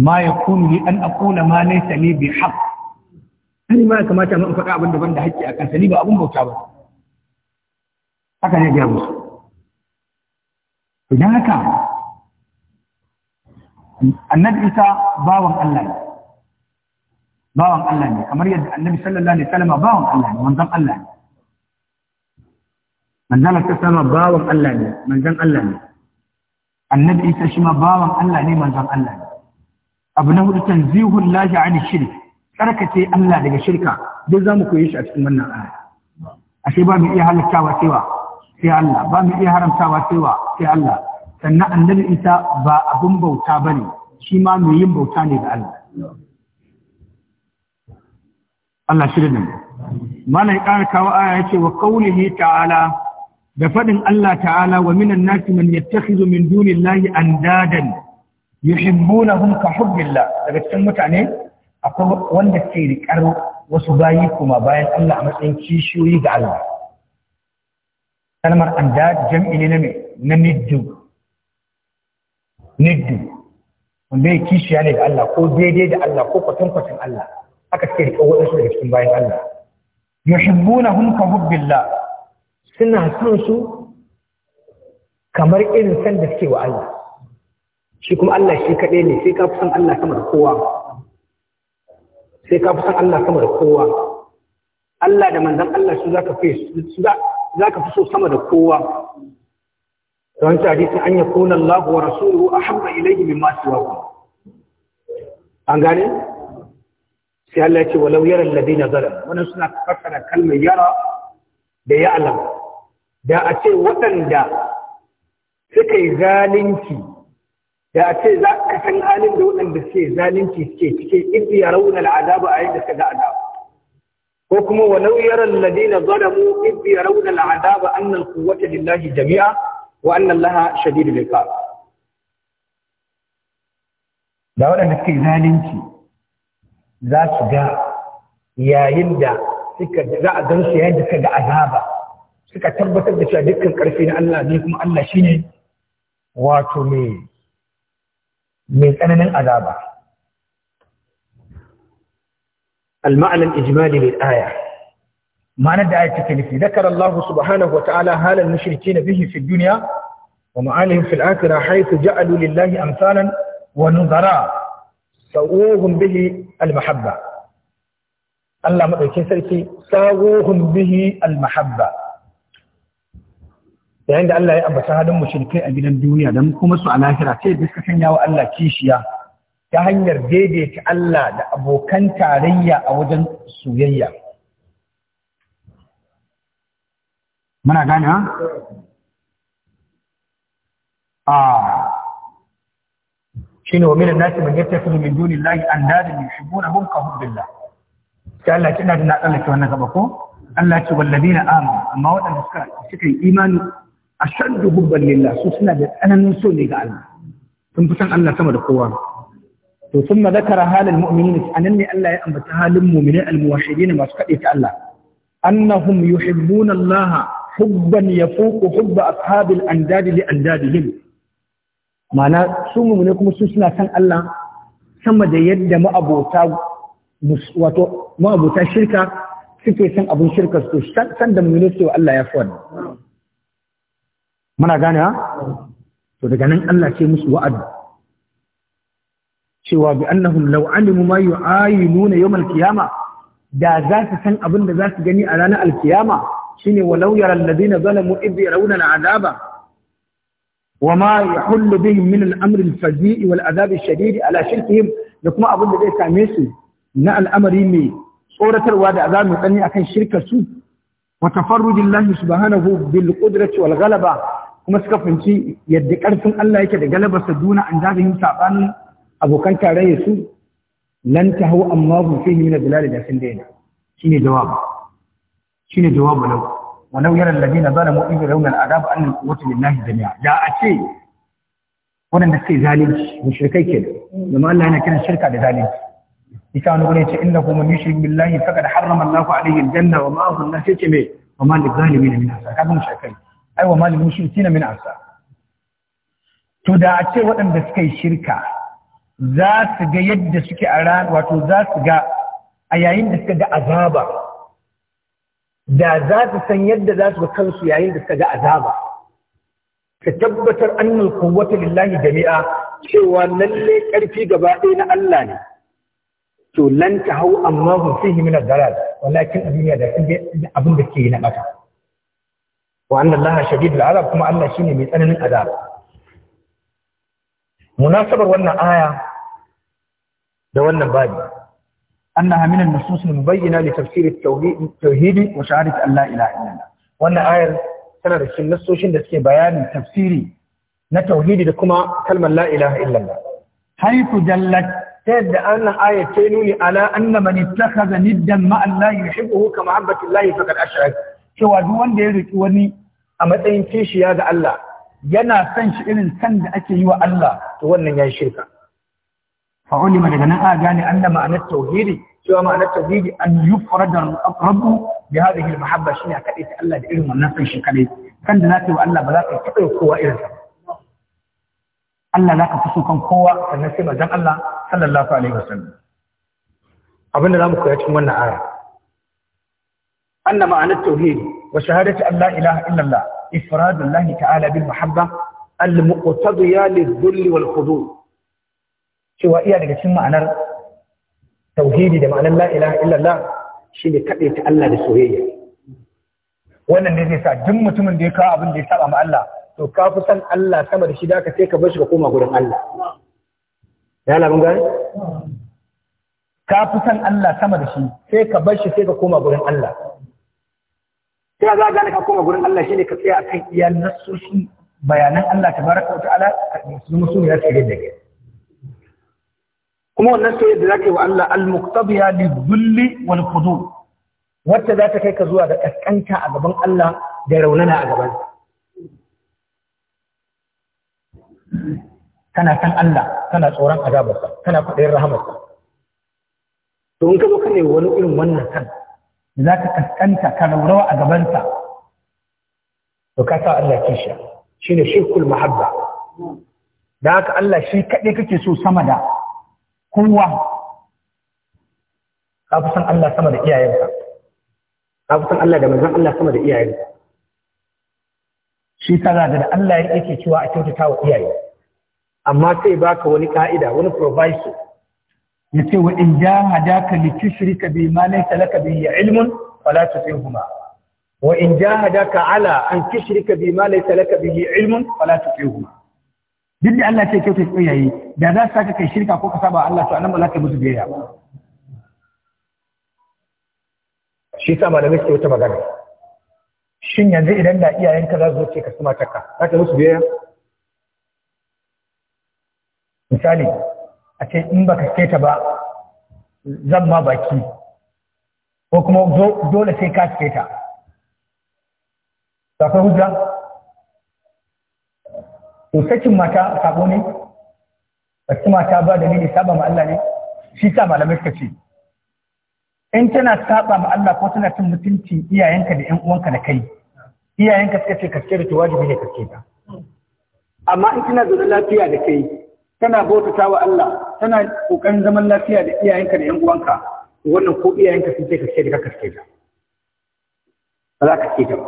ma yakunu li an aqula ma laysa li bihaqq ni ma ya kamata in faɗa abin ban da hakki a kansa ni ba abin bauta ba haka ne ga musu idan haka annabi isa bawan Allah ne bawan Allah ne kamar yadda annabi sallallahu alaihi wasallam bawan Allah ne manzon Allah ne manzon Allah sama bawan Allah ne manzon Allah ne annabi isa shi ma bawan Allah ne manzon Allah ne abu na hudu tanzihul lahi an shirk tsarkace Allah daga shirka duk za mu koyi shi a cikin wannan aya ashe ba mu iya halittawa sai Allah ba mu iya haramtawa cewa sai Allah sannan annabi Isa ba abin bauta ne, shi ma mai yin bauta ne ga Allah Allah shirin nan mana ya ƙara kawo aya wa qaulihi ta'ala da faɗin Allah ta'ala wa minan nasi man yattakhidhu min dunillahi andadan yuhibbunahum ka hubbillah daga cikin mutane akwai wanda ke riƙar wasu bayi kuma bayan Allah a matsayin kishiyoyi ga Allah kalmar anda jam'i ne na me na niddu niddu wanda ya kishiya ne ga Allah ko daidai da Allah ko kwatankwacin Allah haka ke riƙe waɗansu daga cikin bayan Allah yuhibbuna hum ka hubbillah suna son su kamar irin san da suke wa Allah shi kuma Allah shi kaɗai ne sai ka fi son Allah sama da kowa sai ka fi san Allah sama da kowa Allah da manzan Allah su za ka fi so sama da kowa don ta hadisin an yakuna Allah wa rasuluhu ahabba ilayhi mimma siwahu an gane sai Allah ya ce walau yara alladina zalam wannan suna fassara kalmar yara da ya'lam da a ce waɗanda suka yi zalunci da a ce za ka san halin da waɗanda suke zalunci suke cike idda ya rauna al'azaba a yadda suka ga azaba ko kuma walau yara alladina zalamu idda ya rauna al'azaba anna al-quwwata lillahi jami'a wa anna allaha shadidul iqab da waɗanda suke zalunci za su ga yayin da suka za a gan su yayin da suka ga azaba suka tabbatar da cewa dukkan ƙarfi na Allah ne kuma Allah shine wato mai mai tsananin azaba al-ma'anan ijmali lil aya ma'anar da ayat take nufi dakara Allah subhanahu wa ta'ala halal mushrikin bihi fi wa ma'alihim fil akhirah haythu ja'alu lillahi amsalan wa nuzara sawuhum bihi al-mahabba Allah madaukin sarki sawuhum bihi al-mahabba yayin da Allah ya ambata hadin mushrikai a gidan duniya dan kuma su a lahira sai da suka sanya wa Allah kishiya ta hanyar daidaita Allah da abokan tarayya a wajen soyayya muna gane ha a shine wa minan nasi man yattakhidhu min dunillahi andadan yuhibbunahum ka hubbillah sai Allah kina da na ke wannan gaba ko Allah ce wallazina amanu amma waɗanda suka suka yi imani ashaddu hubban lillah su suna da tsananin so ne ga Allah sun fi san Allah sama da kowa to sun ma zakara halin mu'minin anan ne Allah ya ambata halin mu'minin almuwahhidin masu kade ta Allah annahum yuhibbuna Allah hubban yafuqu hubba ashabil andad li andadihim mana su mu'mine kuma su suna san Allah sama da yadda ma'abota wato ma'abota shirka suke san abun shirka su san da mu'mine Allah ya fi wannan muna gane ha to daga nan Allah ce musu wa'adi cewa bi annahum law alimu ma yu'ayinuna yawmal qiyama da za su san abin da za su gani a ranar alkiyama shine walau yara alladhina zalamu idh yarawna al'adaba wa ma yahullu bihim min al'amri al-fazi'i wal adabi ash-shadid ala shirkihim da kuma abin da zai same su na al'amari mai tsoratarwa da azabin tsani akan shirka su wa tafarrujillahi subhanahu bil qudrati wal ghalaba kuma suka fahimci yadda ƙarfin Allah yake da galabarsa duna an yin saɓanin abokan tarayya su lan ta hau amma bu fi yi na bilal da sun daina shi ne jawabu shi ne jawabu lau walau yara lalabi na zalamu ibi raunar adab annan kuwatu lillahi jami'a da a ce waɗanda suke zalunci mushrikai ke da zama Allah yana kiran shirka da zalunci ita wani wani ce inda kuma yushrik billahi faqad harrama Allahu alayhi janna wa ma'ahu an-nar ce me wa ma lil zalimin min asar kaga mushrikai ai wa malil mushrikina min asa to da a ce waɗanda suka yi shirka za su ga yadda suke a ran wato za su ga a yayin da suka ga azaba da za su san yadda za su ga kansu yayin da suka ga azaba ka tabbatar annal quwwata lillahi jami'a cewa lalle karfi gaba ɗaya na Allah ne to lan hau amma hum fihi min ad-dalal walakin a da abin da ke yi na bata wa anna allaha shadidul azab kuma Allah shine mai tsananin azab munasabar wannan aya da wannan babi annaha min an-nusus al-mubayyana li tafsir at-tauhid wa wannan ayar tana da cikin nassoshin da suke bayanin tafsiri na tauhidi da kuma kalmar la ilaha illallah haythu jallat yadda annan aya ta nuni ala anna man ittakhadha niddan ma Allah yuhibbuhu kama habbati Allah faqad ashraka cewa duk wanda ya riƙi wani a matsayin kishiya ga Allah yana son shi irin san da ake yi wa Allah to wannan ya shirka ma daga nan a gane anna ma'anar tauhidi cewa ma'anar tauhidi an yufrada rabbu bi hadhihi al-mahabba shine a kade Allah da irin wannan san shi kadai kan da zaka yi wa Allah ba za ka taɓa kowa irin sa Allah za ka fi so kan kowa sannan sai manzon Allah sallallahu alaihi wasallam abinda zamu koya cikin wannan aya أن معنى التوحيد وشهادة أن لا إله إلا الله إفراد الله تعالى بالمحبة المقتضية للذل والخضوع شو إيا لك شو معنى التوحيد ده معنى لا إله إلا الله شيء كبير الله wannan ne zai sa duk mutumin da ya kawo abin da ya saba ma Allah to ka fi san Allah sama da shi da ka sai ka bar shi ka koma gurin Allah ya labin gani ka fi Allah sama da shi sai ka bar shi ka koma gurin Allah ya za a gane ka koma gurin Allah shine ka tsaya a kan iya nassoshi bayanan Allah tabaraka wa ta'ala su zama su ne za su yi daga kuma wannan soyayya da za ka yi wa Allah al-muqtadiya li dhulli wal khudu wacce za ta kai ka zuwa da kaskanta a gaban Allah da raunana a gaban kana san Allah kana tsoron azabarsa kana kwaɗayin rahamarsa to in ka zo ka ne wani irin wannan kan za ka kaskanta ka raurawa a gabansa to ka sa Allah kisha. shi ne shirkul mahabba da haka Allah shi kaɗai kake so sama da kowa ka fi san Allah sama da iyayenka ka fi san Allah da manzan Allah sama da iyayenka shi ta da Allah yake cewa a kyautata wa iyaye amma sai baka wani ka'ida wani proviso yace wa in hadaka li tushrika bi ma laysa laka bi ilmun fala tusihuma wa in hadaka ala an tushrika bi ma laysa laka bi ilmun fala tusihuma duk da Allah ce kyautar tsayaye da za su saka kai shirka ko ka saba Allah to annan ba za ka musu biyayya ba shi sa malamai suke wata magana shin yanzu idan da iyayenka za su ce ka suma taka za ka musu biyayya misali a ce in baka keta ba zan ma baki ko kuma dole sai ka keta akwai hujja to sakin mata sabo ne sakin mata ba dalili saba ma Allah ne shi sa malamai suka ce in tana saba ma Allah ko tana cin mutunci iyayenka da ƴan uwanka da kai iyayenka suka ce kaske to wajibi ne kasketa. amma in kina zaune lafiya da kai Tana bautata wa Allah tana kokarin zaman lafiya da iyayenka da yan uwanka wannan ko iyayenka sun ce ka ce da ka ce ka. ba za ka ce ta ba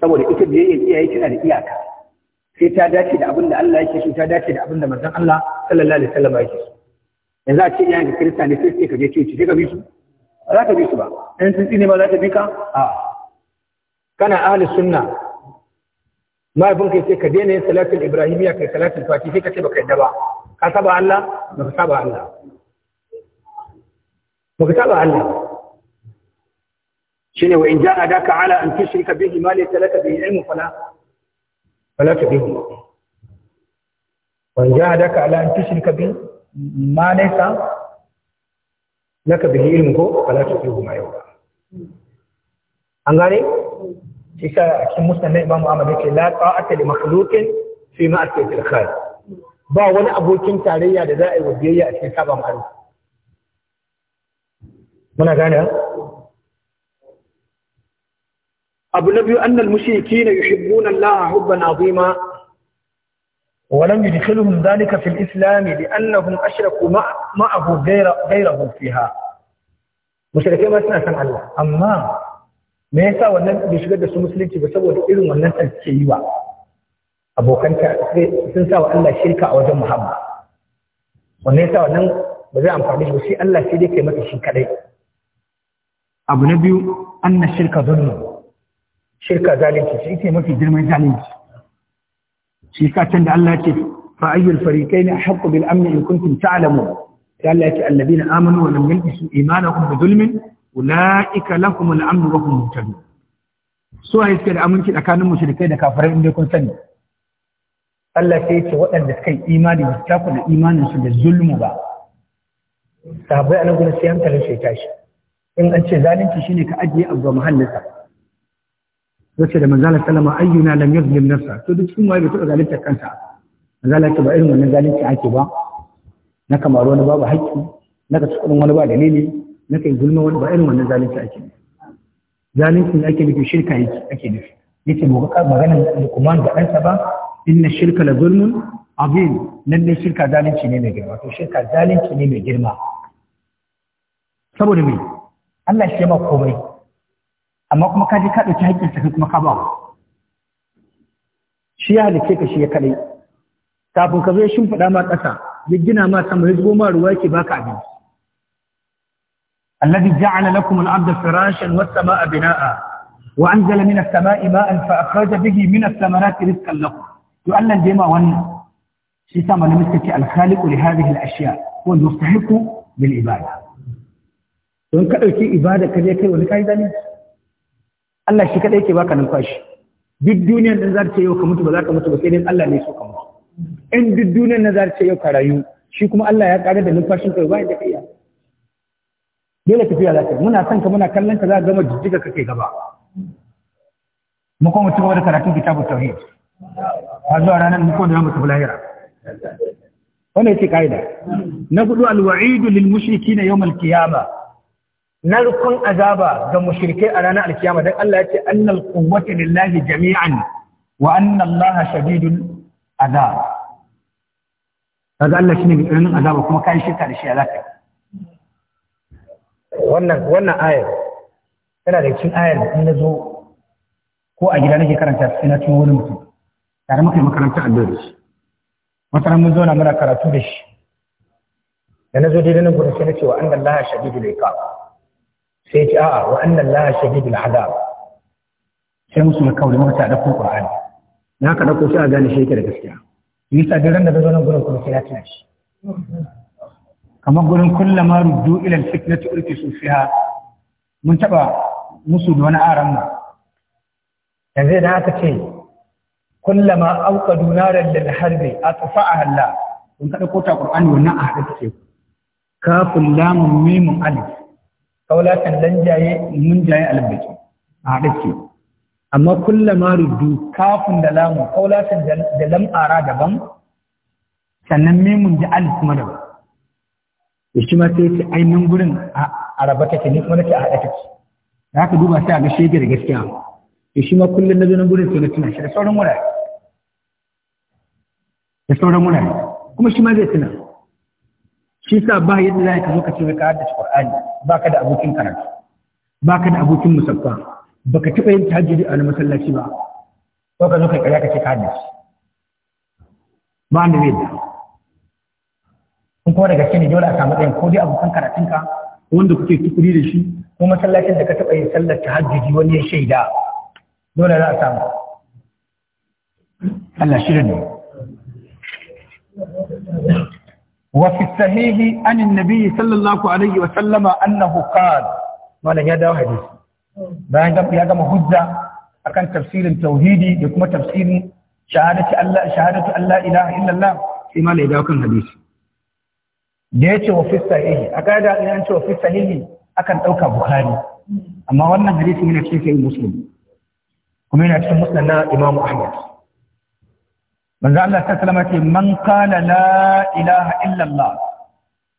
saboda ita yayin iyaye tana da iyaka sai ta dace da abin da Allah yake so ta dace da abin da manzon Allah sallallahu alaihi wasallam yake so yanzu a ce iyayen ka kirista ne sai ka je coci ka bi su ba za ka bi su ba in sun tsine ba za ta bi ka a kana ahli sunna mahaifin kai sai ka daina yin Ibrahim ya kai salatin fati sai ka ce baka yadda ba ka saba Allah ba ka saba Allah ba ka saba Allah shine wa in ja'a daka ala an tushrika bihi ma laysa laka bihi ilmu fala fala tubihi wa in ja'a daka ala an tushrika bihi ma laysa laka bihi ilmu ko fala tubihi ma yau an gane shi ka a cikin musulmai imam Ahmad yake la ta'ata li makhluqin fi ma'siyatil khaliq ba wani abokin tarayya da za a yi wa biyayya a cikin saban Allah muna gane abu na biyu annal mushrikina yuhibbuna Allah hubban azima ولم يدخلهم ذلك في الإسلام لأنهم أشركوا معه غيره فيها مشركين ما سنة الله أما me yasa wannan bai shigar da su musulunci ba saboda irin wannan san suke yi wa abokanta sun sa wa Allah shirka a wajen muhabba wannan yasa wannan ba zai amfani shi sai Allah sai dai kai masa shi kadai abu na biyu anna shirka zulmu shirka zalunci shi ke mafi girman zalunci shi ka can da Allah ce fa ayyul fariqaini ahqqu bil amn in kuntum ta'lamun ya Allah ce alladina amanu wa lam yalbisu imanahum bi zulmin ula'ika lahumul amru wa hum muhtadun su waye suke da aminci tsakanin mushrikai da kafirai inda kun sani Allah sai ce waɗanda suka yi imani ba ta kula imanin su da zulmu ba sahabbai anan gurin sai hankalin sai tashi in an ce zalunci shine ka ajiye abu ga muhallinsa yace da manzala sallama ayyuna lam yazlim nafsa to duk sun waye bai taɓa zalunta kansa manzala ce ba irin wannan zalunci ake ba na kamar wani babu haƙƙi na ka wani ba dalili na kai gulma wani ba irin wannan zalunci ake nufi zalunci ake nufi shirka yake, ake nufi yace mu ga maganar Luqman da ɗansa ba inna shirka la zulmun azim ne shirka zalunci ne mai girma to shirka zalunci ne mai girma saboda me Allah shi ya ba komai amma kuma ka je ka dauki hakkin sa kuma ka ba shi ya halice ka shi ya kadai kafin ka zo ya shimfiɗa ma ƙasa ya gina ma sama ya zo ma ruwa yake baka abinci الذي جعل لكم الأرض فراشا والسماء بناء وأنزل من السماء ماء فأخرج به من الثمرات رزقا لكم يؤلن ديما وانا شيسام لمسك الخالق لهذه الأشياء هو المستحق للعبادة وإن كأوكي إبادة كذلك ولكاي ذلك Allah shi kadai ke baka numfashi duk duniyar nan za ce yau ka mutu ba za ka mutu ba sai dai Allah ne so ka mutu in duk duniyar nan za ce yau ka rayu shi kuma Allah ya ƙara da numfashin ka ba yadda ka iya dole tafiya za ka muna son ka muna kallon ka za ka gama jijjiga kake gaba mu kuma ci gaba da karatun kitabu tauhid a zuwa ranar mu kuma da mu tafi lahira wannan yace kaida na hudu alwa'idu lil mushrikina yawm Na rukun azaba ga mushrikai a ranar alkiyama dan Allah yace annal quwwata lillahi jami'an wa anna Allah shadidul azab kaga Allah shine mai tsananin azaba kuma kai shirka da shi a zaka wannan wannan ayar tana da cikin ayar da in na zo ko a gida nake karanta sai na tuno wani mutum tare muka yi makarantar allo da shi wata ran mun na muna karatu da shi da na zo daidai nan gurin sai na ce wa annan laha shadidul iqab sai ya ce a'a wa annan laha shadidul adab sai musu ya kawo da muka ta dauko qur'ani na ka dauko shi a gane shi yake da gaskiya yasa duk ran da zo nan gurin kuma sai na tuna shi kamar gurin kullama ruddu ilal fitnati ulqisu fiha mun taba musu da wani aran mu yanzu idan aka ce kullama auqadu naran lil harbi atfa'aha Allah kun kada kota qur'ani wannan a hada take kafin lamun mimun alif kaulatan lan jaye mun jaye albaki a hada take amma kullama ruddu kafin da lamun kaulatan da lam'ara daban sannan mimun da alif kuma daban shi ma sai ce ainihin gurin a raba take ne kuma nake a haɗa take da haka duba sai a ga shege da gaskiya da shi ma kullum na zo nan gurin sai tuna shi da sauran wurare da sauran wurare kuma shi ma zai tuna shi sa ba yadda za ka zo ka ce ka haddace ƙwar'ani ba ka da abokin karatu ba ka da abokin musamman. ba ka taɓa yin hajji a wani masallaci ba ko ka zo ka ƙarya ka ce ka haddace ba ni zai da in kuma daga gaske ne dole a samu ɗayan ko dai abokan karatunka ko wanda kuke tukuri da shi ko masallacin da ka taɓa yin sallar tahajjudi wani ya shaida dole za a samu Allah shi ne wa fi sahihi an annabi sallallahu alaihi wa sallama annahu qala wannan ya dawo hadisi bayan ya gama hujja akan tafsirin tauhidi da kuma tafsirin shahadatu Allah shahadatu Allah ilaha illallah sai ma ya dawo kan hadisi da ya ce wa fi sahihi a kaida in an ce wa fi sahihi akan ɗauka bukhari amma wannan hadisi yana cikin sahih muslim kuma yana cikin musnad na imamu ahmad manzo Allah ta salama ce man kala la ilaha illallah.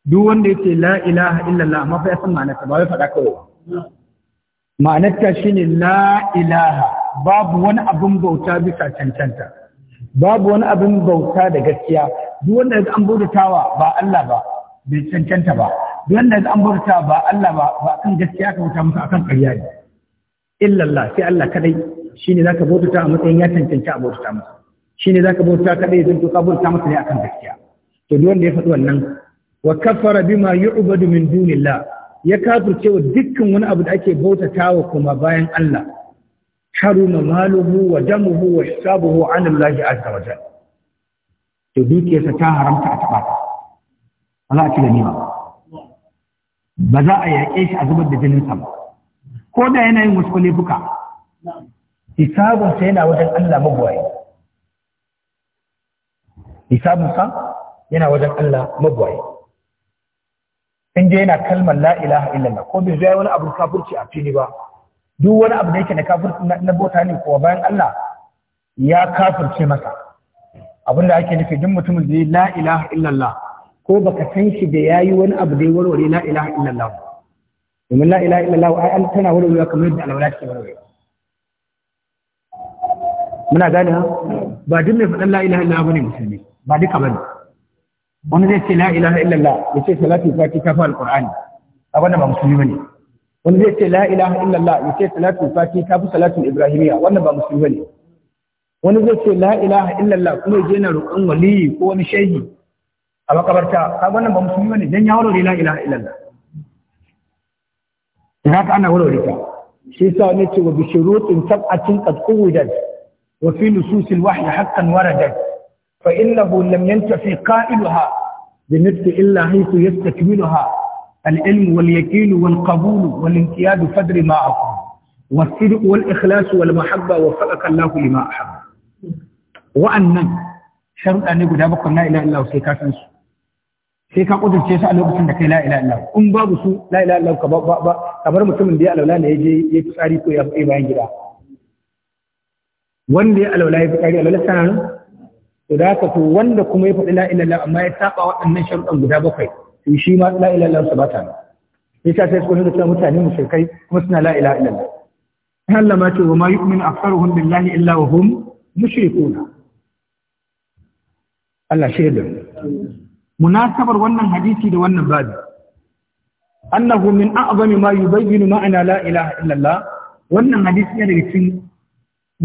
duk wanda yake la ilaha illallah Allah amma fa yasan ma'anarta ba wai faɗa kawai ba ma'anarta shine la ilaha babu wani abin bauta bisa cancanta babu wani abin bauta da gaskiya duk wanda an bautatawa ba Allah ba bai cancanta ba don da an bauta ba Allah ba ba kan gaskiya ka bauta musu akan ƙarya ne illallah sai Allah kadai shine zaka bauta a matsayin ya cancanta a bauta masa shine zaka bauta kadai don to ka bauta masa ne akan gaskiya to duk wanda ya faɗi wannan wa kafara bima yu'badu min dunillah ya kafirce wa dukkan wani abu da ake bautatawa kuma bayan Allah haruma maluhu wa damuhu wa hisabuhu an Allah azza wa jalla to dukiyarsa ta haramta a taɓa ta. ba za a ci ganima ba za a yaƙe shi a zubar da jinin ba ko da yana yin wasu laifuka hisabunsa yana wajen Allah magwaye hisabunsa yana wajen Allah mabuwaye. in yana kalmar la ilaha illallah ko bai zai wani abu kafurci a fili ba duk wani abu da yake na kafurci na bota ne ko bayan Allah ya kafurce masa abinda ake nufi duk mutumin da la ilaha illallah ko baka san shi da yayi wani abu da ya warware la ilaha illallah domin la ilaha illallah ai an tana warwarewa kamar yadda alwala take warwarewa muna gane ha ba duk mai faɗan la ilaha illallah bane musulmi ba duka bane wani zai ce la ilaha illallah ya ce salatu fati ta fa alqur'ani abin da ba musulmi bane wani zai ce la ilaha illallah ya ce salatu fati ta fi salatu ibrahimiya wannan ba musulmi bane wani zai ce la ilaha illallah kuma je na roƙon waliyi ko wani shehi a makabarta kaga wannan ba musulmi bane dan ya warware la ilaha illallah dan haka ana warware ta shi yasa ne ce wa bi shurutin sab'atin qad quwidat wa fi nusus wahyi haqqan waradat fa innahu lam yantafi qa'iluha bi nafsi illa haythu yastakmiluha al-ilm wal yaqin wal qabul wal intiyad fadri ma aqul والصدق والإخلاص والمحبة وفقك الله لما أحب وأنك sharuɗa ne guda bakwai na ila illa sai ka su sai ka kudurce su a lokacin da kai la ilaha illallah in babu su la'ila ilaha ka ba kamar mutumin da ya alaula ne yaje ya fitsari ko ya fai bayan gida wanda ya alaula ya fitsari alaula sana nan to da haka to wanda kuma ya faɗi la'ila ilaha illallah amma ya saba waɗannan sharuɗan guda bakwai to shi ma la ilaha su ba ta nan yasa sai su rinka cewa mutane mushrikai kuma suna la ilaha illallah Allah ma ce wa ma yu'minu aktharuhum billahi illa wa hum mushrikuna Allah shaida munasabar wannan hadisi da wannan babi annahu min a'zami ma yubayyinu ma'ana la ilaha illallah wannan hadisi ne daga cikin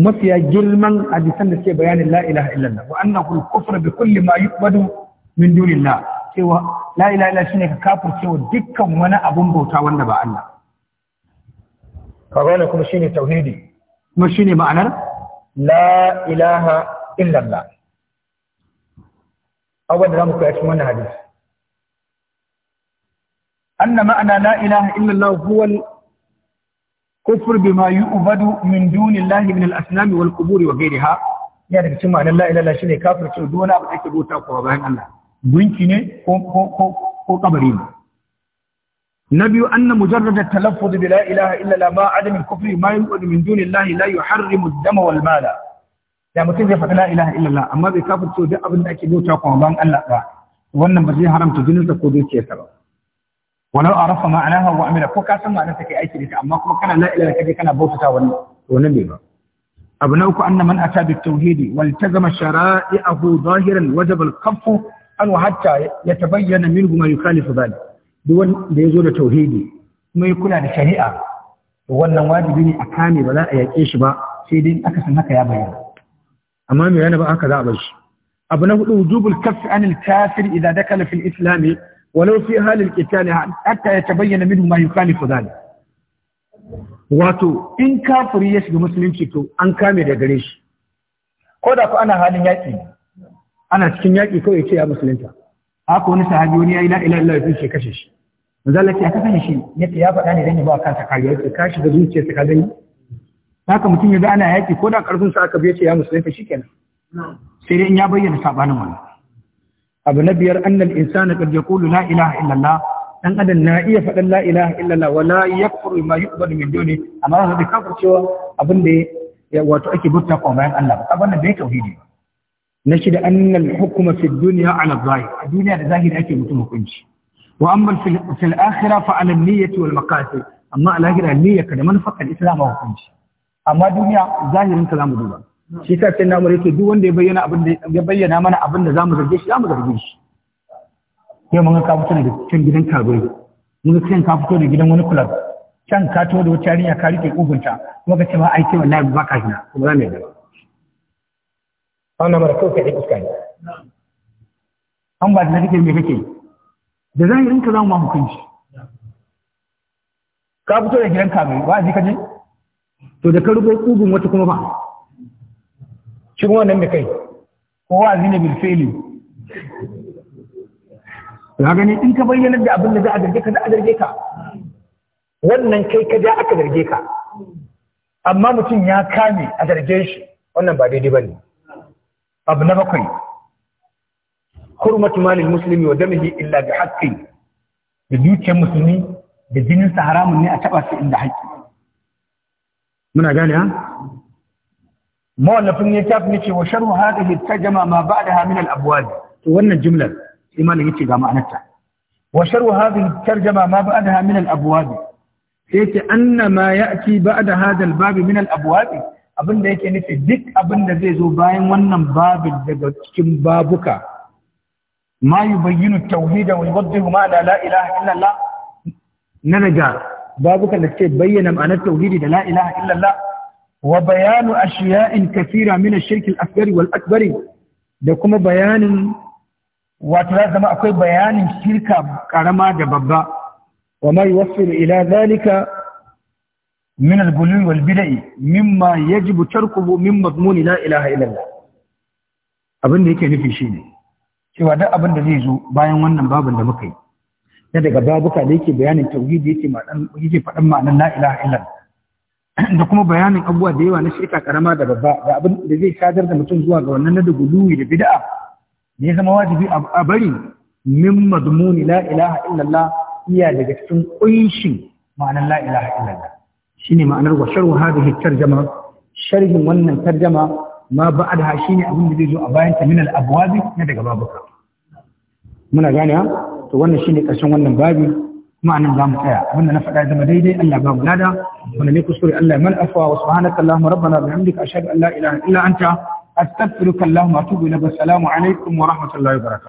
mafiya girman hadisan da suke bayanin la ilaha illallah wa annahu al-kufru bi kulli ma yu'badu min dunillah cewa la ilaha illallah shine ka kafircewa dukkan abun bauta wanda ba Allah kaga kuma shine tauhidi kuma shine ma'anar la ilaha illallah abubuwan da za mu koya cikin wannan hadisi anna ma'ana la ilaha illallah huwa kufur bima yu'badu min dunillahi min al-asnam wal qubur wa ghayriha ya daga cikin ma'anar la ilaha shine kafirci duk wani abu da ake bauta ko bayan Allah gunki ne ko ko ko ko kabari ne na biyu anna mujarrad at-talaffuz bi la ilaha illa la ma adam al-kufri ma yu'badu min dunillahi la yuharrimu ad-dama wal mala da mutum zai faɗi la ilaha illallah amma bai kafirce duk abin da ake bauta kuma ban Allah ba wannan ba zai haramta da ko dukiyarsa ba walau arafa ma'anaha wa amila ko ka san ma'anar take aiki da ita amma kuma kana la ilaha kaje kana bautata wannan to bai ba abu na uku anna man ata bi tauhidi wal tazama shara'i'ahu zahiran wajaba al kaffu an hatta yatabayyana minhu ma yukhalifu dhalik duk wanda zo da tauhidi kuma ya kula da shari'a wannan wajibi ne a kame ba za a yaƙe shi ba sai dai aka san haka ya bayyana amma mai yana ba haka za a bar shi abu na hudu wujubul kaffi anil kafir idza dakala fil islam walau fi halil qital hatta yatabayyana minhu ma yukhalifu dhalik wato in kafiri ya shiga musulunci to an kame da gare shi ko da ku ana halin yaƙi ana cikin yaƙi ya ce ya musulunta haka wani sahabi wani yayi la ilaha illallah sai kashe shi manzo Allah ya kashe shi yace ya faɗa ne dan ya ba kansa kariya sai ka shiga zuciyarsa ka gani haka mutum ya ga ana yaƙi ko da ƙarfin sa aka biya ce ya musulunta shikenan sai dai in ya bayyana sabanin wani. abu na biyar annal insana qad yaqulu la ilaha illallah dan adam na iya faɗan la ilaha illallah wala yakfuru ma yu'badu min duni amma zai kafir cewa abin da ya wato ake bauta ko bayan Allah ba wannan bai tauhidi na shida annal hukuma fi dunya ala zahir a duniya da zahiri ake mutum hukunci wa amma fil akhirah fa ala niyyati wal maqasid amma al akhirah niyyaka da manfaqa al islam hukunci amma duniya zahirin za zamu duba shi ta sai namu yake duk wanda ya bayyana abin da ya bayyana mana abin da zamu zarge shi zamu zarge shi yau mun ka fito daga cikin gidan karuwai mun ka ka fito da gidan wani kulab can ka to da wata yarinya ka rike kugunta kuma ka ce ma ai ce wallahi ba ka hina kuma za mu yi wannan mara kawai kai fuska ne an ba da kake me kake da zahirin ka zamu ma hukunci ka fito da gidan karuwai ba ji ka je to da ka rubo kugun wata kuma ba cikin wannan da kai kowa zina bilfeli ya gani in ka bayyana da abin da za a darge ka za a darge ka wannan kai ka ja aka darge ka amma mutum ya kame a zarge shi wannan ba daidai ba ne abu na bakwai hurmatu malin musulmi wa damihi illa bi haqqi da dukiyar musulmi da jinin sa haramun ne a taba shi inda haƙƙi muna gane ha mawallafin ya tafi ne ce wa sharhu hadhihi tarjama ma ba'daha min al-abwab to wannan jumlar sai malam yace ga ma'anarta wa sharhu hadhihi tarjama ma ba'daha min al-abwab yace anna ma ya'ti ba'da hadha al-bab min al-abwab abinda yake nufi duk abinda zai zo bayan wannan babin daga cikin babuka ma yubayyinu tauhida wa yuwaddihu ma la ilaha illa Allah na daga babukan da suke bayyana ma'anar tauhidi da la ilaha illallah wa bayanu ashiya'in kathira min ash-shirk al-asghar wal akbar da kuma bayanin wato zama akwai bayanin shirka karama da babba wa ma yuwassil ila zalika min al-ghulul wal bid'i mimma yajibu tarkuhu min madmun la ilaha illallah abin da yake nufi shine cewa duk abin da zai zo bayan wannan babin da muka yi na daga babuka da yake bayanin tauhidi yake yake faɗan ma'anar la ilaha illallah da kuma bayanin abubuwa da yawa na shirka karama da babba da abin da zai sadar da mutum zuwa ga wannan na duguluwi da bid'a da ya zama wajibi a bari min madmuni la ilaha illallah iya daga cikin kunshin ma'anar la ilaha illallah shine ma'anar wa sharhu hadhihi tarjama sharhin wannan tarjama ma ba'daha shine abin da zai zo a bayan ta min al abwabi na daga babuka muna gane to wannan shine karshen wannan babi kuma anan zamu tsaya abinda na faɗa zama daidai Allah ba mu lada wannan ne kuskure Allah man afwa wa subhanaka allahumma rabbana bihamdika ashhadu an la ilaha illa anta astaghfiruka allahumma wa atubu ilaik assalamu alaikum wa rahmatullahi wa barakatuh